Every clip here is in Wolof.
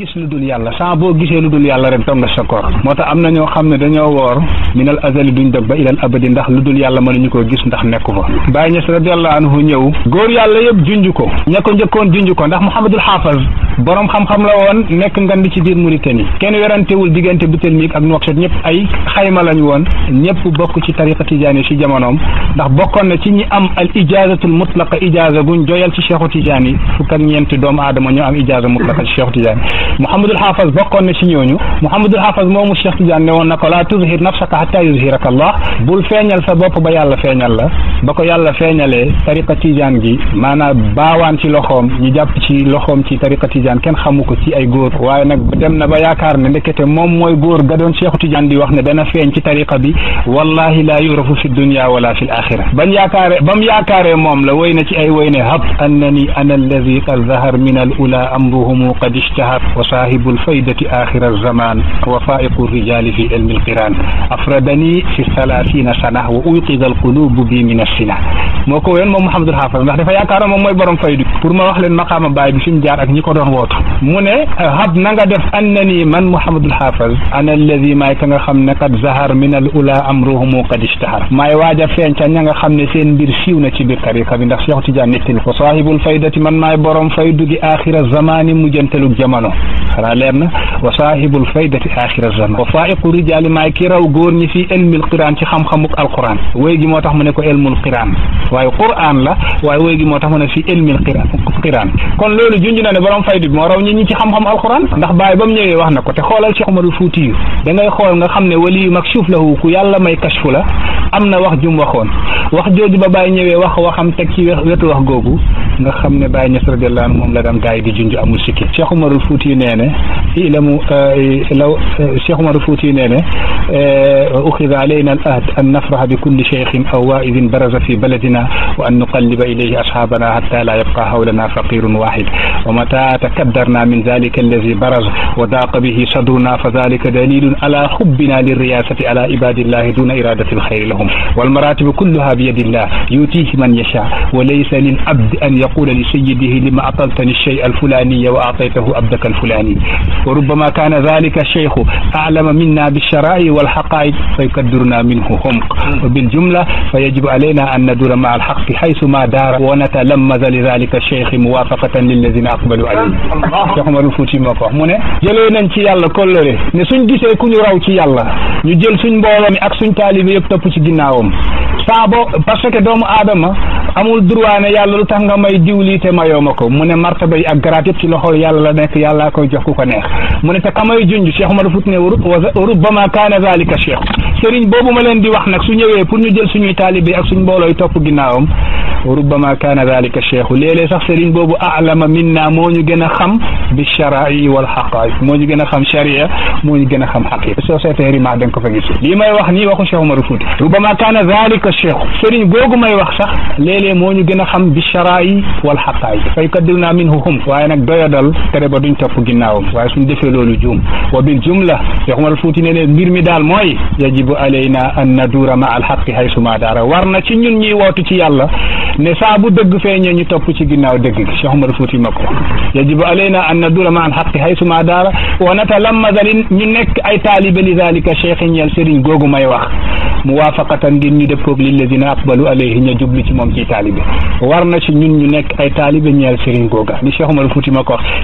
gis lu dul yàlla saa boo gisee lu dul yàlla rek dong sa koor moo tax am na ñoo xam ne dañoo woor minal azali duñ dog ba ilal abadi ndax lu dul yàlla mënuñu ko gis ndax nekku fa Baye Niass radiallahu anhu ñëw góor yàlla yëpp junj ko ña ko njëkkoon junj ko ndax Mouhamadul Xaafaz borom xam-xam la woon nekk ngand ci biir Mauritanie kenn werantewul diggante Boutelmik ak Nouakchott ñëpp ay xayma lañ woon ñëpp bokk ci tariqa tijaani ci jamonoom ndax bokkoon na ci ñi am al ijazatul mutlaqa ijaza guñ joyal ci Cheikhu Tijaani fukk ak ñeenti doomu aadama ñoo am ijaza mutlaqa ci Cheikhu Tijaani محمد الحافظ بقون نشي نيونيو محمد الحافظ مومو الشيخ تجان نيوان نكو لا تظهر نفسك حتى يظهرك الله بول فيني الفبوب با يالا فيني الله بكو يالا فيني طريقة تجان جي مانا باوان تي لخوم نجاب تي لخوم تي طريقة تجان كن خموكو تي اي غور واي نك بدم نبا ياكار نكت موم موي غور قدون شيخ تجان دي وخنا دانا فيني تي طريقة بي والله لا يعرف في الدنيا ولا في الآخرة بان ياكار بام ياكار موم لوين تي اي وين هب انني انا الذي قد ظهر من الاولى امرهم قد اشتهر وصاحب الفائدة آخر الزمان وفائق الرجال في علم القران أفردني في الثلاثين سنة وأيقظ القلوب بي من السنة موكو وين مو محمد الحافظ نحن فيا كارا مو موي بروم فايدو بور ما واخ لين مقام باي بي سيني جارك نيكو دون ووتو موني هاب نغا ديف انني من محمد الحافظ انا الذي ما كان خم قد زهر من الاولى امرهم قد اشتهر ماي واجا فين تا نغا خم ني سين بير سيونا سي بير تاريخ بي ندخ الفايده من ماي بروم فايدو دي اخر الزمان مجنتلو جمانو xanaa leer na wa saahibul faydati axira zaman wa faiqu rijaali maay ki raw góor ñi fii ilmil qiraan ci xam-xamuk alquran wéy gi moo tax mu ne ko ilmul qiraan waaye quran la waaye wéy gi moo tax mu ne fii ilmil qiraan kon loolu junj na ne borom faydu bi moo raw ñi ñi ci xam-xam alquran ndax bàyyi ba mu ñëwee wax na ko te xoolal Cheikh Omarul Fuuti yu da ngay xool nga xam ne waliyu makshuf lahu ku yàlla may kashfu la am na wax jum waxoon wax jooju ba bàyyi ñëwee wax waxam teg ci wetu wax googu nga xam ne bàyyi ñes radiyallahu anhu moom la daan gars yi di junj amul sikki Cheikh Omarul Fuuti الشيخ آه، آه، عمر الفوتي نانا آه، اخذ علينا الاهد ان نفرح بكل شيخ او وائد برز في بلدنا وان نقلب اليه اصحابنا حتى لا يبقى حولنا فقير واحد ومتى تكدرنا من ذلك الذي برز وضاق به صدرنا فذلك دليل على حبنا للرياسه على عباد الله دون اراده الخير لهم والمراتب كلها بيد الله يؤتيه من يشاء وليس للعبد ان يقول لسيده لما اطلتني الشيء الفلاني واعطيته أبدك الفلاني الفلاني وربما كان ذلك الشيخ أعلم منا بالشرائع والحقائق فيقدرنا منه حمق وبالجملة فيجب علينا أن ندور مع الحق حيث ما دار ونتلمذ لذلك الشيخ موافقة للذين أقبلوا عليه الشيخ عمر الفوتي ما فهمونه جلونا نتي يالله كله نسون جيسي كوني راو تي يالله نجل سون بولمي أك سون تالي جناهم صعب باش كدوم آدم أمول دروانا يالله لتنغم يديولي تما يومكم من مرتبة أقراتي تلوحو يالله لنك يالله koy jox ku ko neex mu ne te kamay junj Cheikh Omar Fouti ne wa rubbama kaana zalika cheikh sëriñ boobu ma leen di wax nag su ñëwee pour ñu jël suñuy taalibe ak suñ mboolooy topp ginnaawam وربما كان ذلك الشيخ ليلي صح سيرين بوبو اعلم منا مونيو غينا خم بالشرعي والحقائق مونيو غينا خم شريعه مونيو غينا خم حقيقه سو سيتيري ما دنج كو فغيس لي ماي واخ ني واخو شيخ عمر فوتي ربما كان ذلك الشيخ سيرين بوغو ماي واخ صح ليلي مونيو غينا خم بالشرعي والحقائق فيقدرنا منه هم واي نك دويا دال تري با دون توب غيناو واي سون ديفي لولو جوم وبالجمله شيخ عمر فوتي ني مير مي دال موي يجب علينا ان ندور مع الحق حيث ما دار ورنا سي نون ني ووتو سي يالا ne saa bu dëgg feeñee ñu topp ci ginnaaw dëgg gi Cheikh Omar Fouti mag ko yajibu alayna an nadura ma an xaqi haysuma daara wa a li ñu nekk ay taalibe li zalika cheikh ñeel sëriñ googu may wax muwaafaqatan ngir ñu def koog lillazina aqbalu na ci ñun ñu nekk ay taalibe ñeel ko wax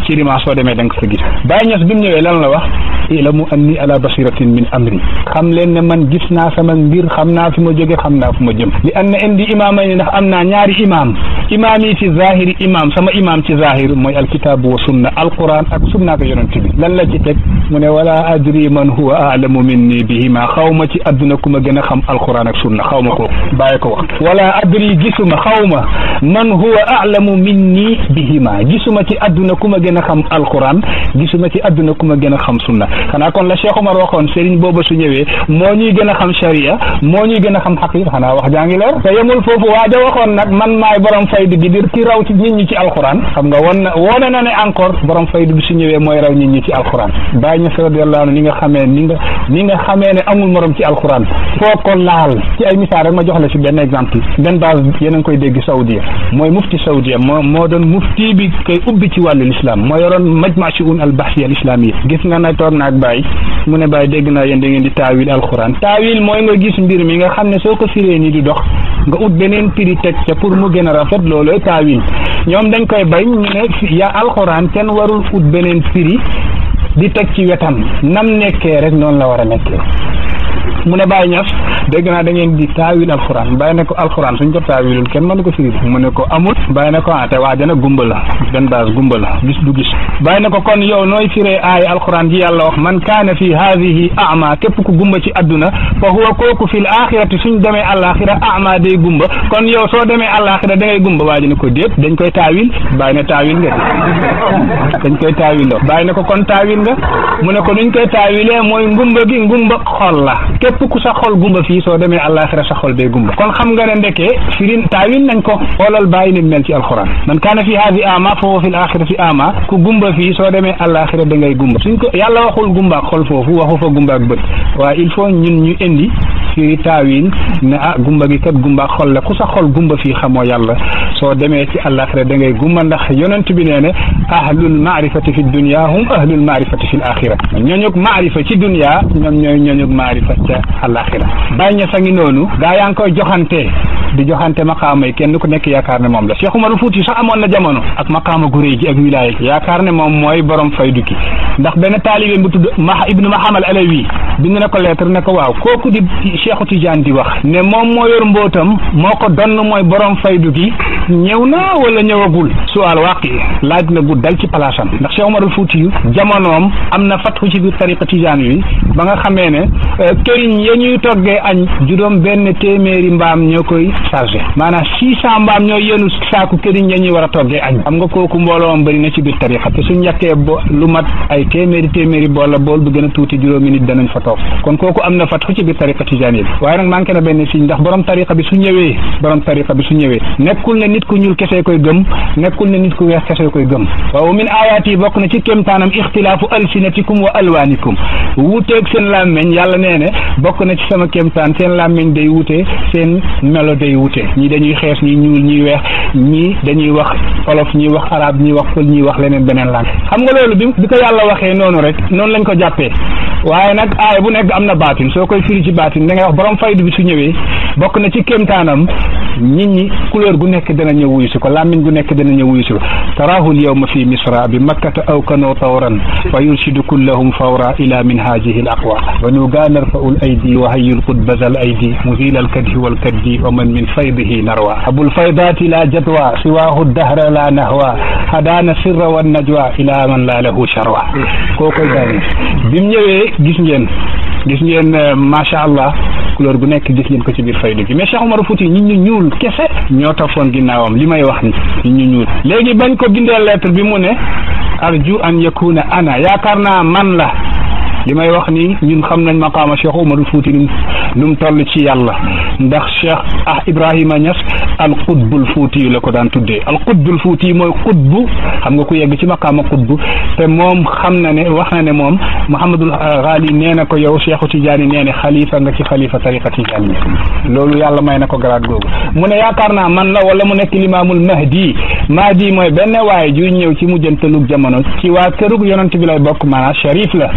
ci rima soo demee da nga ko fa bi ñëwee lan la wax ilamu anni ala basiratin min amri xam leen man gis naa sama mbir xam naa fi ma jóge xam naa fu ma jëm li an na indi imaama ni ndax am naa ñaari imaam imami ci zahiri imam sama imam ci zahir moy alkitab wa sunna alquran ak sunna ko yonent bi lan la ci tek mune wala adri man huwa alamu minni bihima xaw ma ci aduna kuma gëna xam alquran ak sunna xaw ko baye ko wax wala adri gisuma khawma man huwa alamu minni bihima gisuma ci aduna kuma gëna xam alquran gisuma ci aduna kuma gëna xam sunna xana kon la Cheikh Omar waxon serigne bobu su ñewé mo ñuy gëna xam sharia mo ñuy gëna xam haqiqa xana wax jaa ngi leer te yemul foofu waaja waxoon nag man may borom fayd gi dir ci raw ci nit ñi ci alquran xam nga won wona na ne encore borom fayd bi su ñëwé moy raw nit ñi ci alquran bañu sa radiyallahu anhu ni nga xamé ni nga ni nga xamé né amul morom ci alquran foko laal ci ay misal rek ma jox la ci ben exemple ben base yenen koy dégg saoudia moy mufti saoudia mo mo don mufti bi kay ubbi ci walu l'islam mo yoron majma al bahsi al islamiyya gis nga na tok nak bay mu né bay dégg na yeen da ngeen di tawil alquran tawil moy nga gis mbir mi nga xamné soko firé ni di dox nga ut benen pri tek ca pour mu gëna rafet looloo taawil ñoom dañ koy bay ñu ne ya alxuraan kenn warul ut beneen firi di teg ci wetam nam nekkee rek noonu la war a nekkee mu ne Baye Niass dégg naa da ngeen di taawil alxuraan bàyyi ne ko alxuraan suñ ko taawilul kenn mënu ko firi mu ne ko amul bàyyi ne ko ah te waaja nag gumba la benn la gis du gis bàyyi ne ko kon yow nooy firee aay alxuraan ji yàlla wax man kaana fi haadihi ama képp ku gumba ci adduna fa huwa kooku fil axirati suñ demee àlaxira ama day gumba kon yow soo demee àlaxira da ngay gumba waaji ne ko déet dañ koy taawil bàyyi ne taawil nga dañ koy taawil bàyyi ne ko kon taawil nga mu ne ko nuñ koy taawilee mooy ngumba gi ngumba xol la képp ku sa xol gumba fi fii soo demee àllaaxira sa xol day gumba kon xam nga ne ndekee firin tawin nañ ko xoolal bàyyi ni mel ci alxuraan man kaana fi haadi ama fa fi l axirati ama ku gumba fii soo demee àllaaxira da ngay gumba suñ ko yàlla waxul gumba xol foofu waxu fa gumba ak bët waaye il faut ñun ñu indi tafsiri taawin ne ah gumba gi kat gumba xol la ku sa xol gumba fii xamoo yàlla soo demee ci àllaaxira da ngay gumba ndax yonent bi nee ne ahlul maarifati fi dunia hum ahlul maarifati fi l axira ñooñug maarifa ci dunia ñoom ñooy ñooñug maarifa ca àllaaxira bàyyi ña sa ngi noonu gaa yaa ngi koy joxante di joxante maqaama yi kenn ku nekk yaakaar ne moom la Cheikh Umar Fuuti sax amoon na jamono ak maqaama gu réy gi ak wilaaya yaakaar ne moom mooy borom faydu ki ndax benn taalibe bu tudd ma ibnu Maham al Alawi bind na ko lettre ne ko waaw kooku di Cheikhu Tidiane di wax ne moom moo yor mbootam moo ko donn mooy borom faydu gi ñëw na wala ñëwagul suwaal waaqi laaj na gu dal ci palaasam ndax Cheikh Umar Fuuti yu jamonoom am na fatxu ci bi tariqa Tidiane yi ba nga xamee ne euh, këriñ ya ñuy toggee añ juróom benn téeméeri chargé maanaam si cent mbaam ñoy yenu saaku këriñ ya ñuy war a toggee añ xam nga kooku mbooloom bari na ci biir tarixa te suñu ñaké bo lu mat ay téméri téméri bo la bol du gëna a tuuti juróomi nit danañ fa tok kon koku amna fat fatxu ci biir tarixa ci bi waaye nak manké na benn siñ ndax borom tarixa bi su ñëwé borom tarixa bi su ñëwé nekkul ne nit ku ñul kessé koy gëm nekkul ne nit ku wéx kessé koy gëm wa min ayati bok na ci kéemtaanam ikhtilafu alsinatikum wa alwaanikum wuuteeg seen lamagne yàlla nee bok na ci sama kéemtaan seen lamagne day wuté seen melo day wute ñi dañuy xees ñi ñuul ñi weex ñi dañuy wax wolof ñi wax arab ñi wax pël ñi wax leneen beneen langue xam nga loolu bi bi yàlla waxee noonu rek noonu lañ ko jàppee waaye nag aay bu nekk am na baatin firi ci baatin da ngay wax borom faydu bi su ñëwee bokk na ci kéemtaanam nit ñi couleur gu nekk dana ñëw wuyu si ko làmmiñ gu nekk dana ñëw wuyu si ko tarahul yawma fi misra bi makkata aw kanoo tawran fa yurshidu kullahum fawra ila min hajihi al aqwa wa nuga narfa'u al aydi wa hayyul qud bazal aydi muzil al kadhi wal kaddi wa man min min faydihi narwa abul faydati la jadwa siwahu dahra la nahwa hadana sirra wa najwa ila man la lahu sharwa koo koy daani bi mu ñëwee gis ngeen gis ngeen macha allah couleur bu nekk gis ngeen ko ci biir faydu bi mais Cheikh Omar Fouti ñun ñu ñuul kese ñoo toppoon ginnaawam li may wax ni ñu ñuul léegi bañ ko bindee lettre bi mu ne arju an yakuna ana yaakaar naa man la li may wax ni ñun xam nañ maqaama Cheikh Umarul Fuuti num nu mu toll ci yàlla ndax Cheikh ah Ibrahima Niass al qutbul fuuti yu la ko daan tuddee al qutbul fuuti mooy qutbu xam nga ku yegg ci maqaama qutbu te moom xam na ne wax na ne moom Mouhamadul Ghali nee na ko yow Cheikhu Tidiane nee ne xalifa nga ci xalifa tariqa Tidiane loolu yàlla may na ko garaat googu mu ne yaakaar naa man la wala mu nekk limaamul mahdi mahdi mooy benn waaye juy ñëw ci mujjantalug jamono ci waa kërug yonent bi lay bokk maanaam sharif la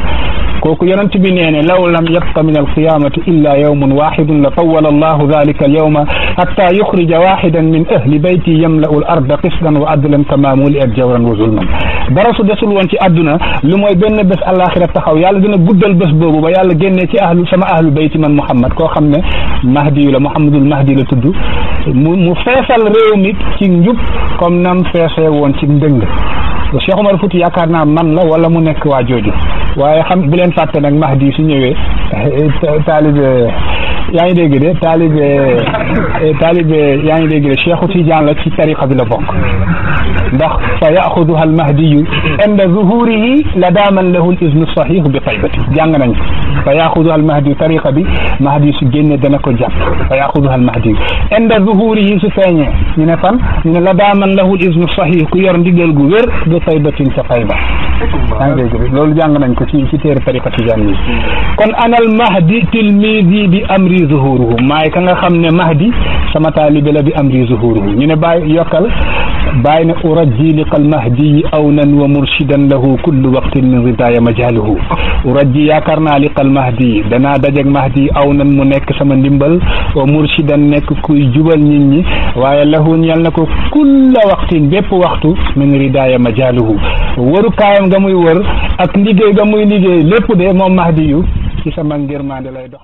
كوكو ينتبه نين لو لم يبق من القيامة إلا يوم واحد لطول الله ذلك اليوم حتى يخرج واحدا من أهل بيتي يملأ الأرض قسطا وعدلا كما ملئت جورا وظلما درسوا دسلوا أنت أدنا لما يبين بس الآخرة تخاو يال دينا قد البس بوبو يال جنة أهل سما أهل بيتي من محمد كو خمي مهدي ولا محمد المهدي لتدو مفاصل ريومي تنجب كم نام فاصل وانتم دنجب وشيخ عمر فوتي يكارنا من لا ولا منك واجوجو waaye xam bu leen fàtte nag Mahdi su ñëwee eh, eh, taalibe يعني دي كده طالب طالب يعني دي كده شيخ في جان لا في طريقه بلا بوك ده فياخذها المهدي عند ظهوره لدى من له الاذن الصحيح بطيبته جان نان فياخذها المهدي طريقه بي مهدي سجن دنا كو جام فياخذها المهدي عند ظهوره سفاني ني نفان ني لدى من له الاذن الصحيح كو يور ديغل غو وير بطيبه تفايبه لول جان نان كو سي تير طريقه جان كون انا المهدي تلميذي بامر amri zuhuruhu maay ka nga xam ne mahdi sama taalibe la bi amri zuhuruhu ñu ne bàyyi yokkal bàyyi ne urajji liqal mahdiyi awnan wa murshidan lahu kullu waqtin min ridaya majaluhu urajji yaakaar naa liqal mahdiyi danaa dajeg mahdi awnan mu nekk sama ndimbal wa murshidan nekk kuy jubal nit ñi waaye lahu ñal na ko kulla waqtin bépp waxtu min ridaya majaluhu waru kaayam nga muy wër ak liggéey nga muy liggéey lépp de moom mahdi yu ci sama ngirmaande lay dox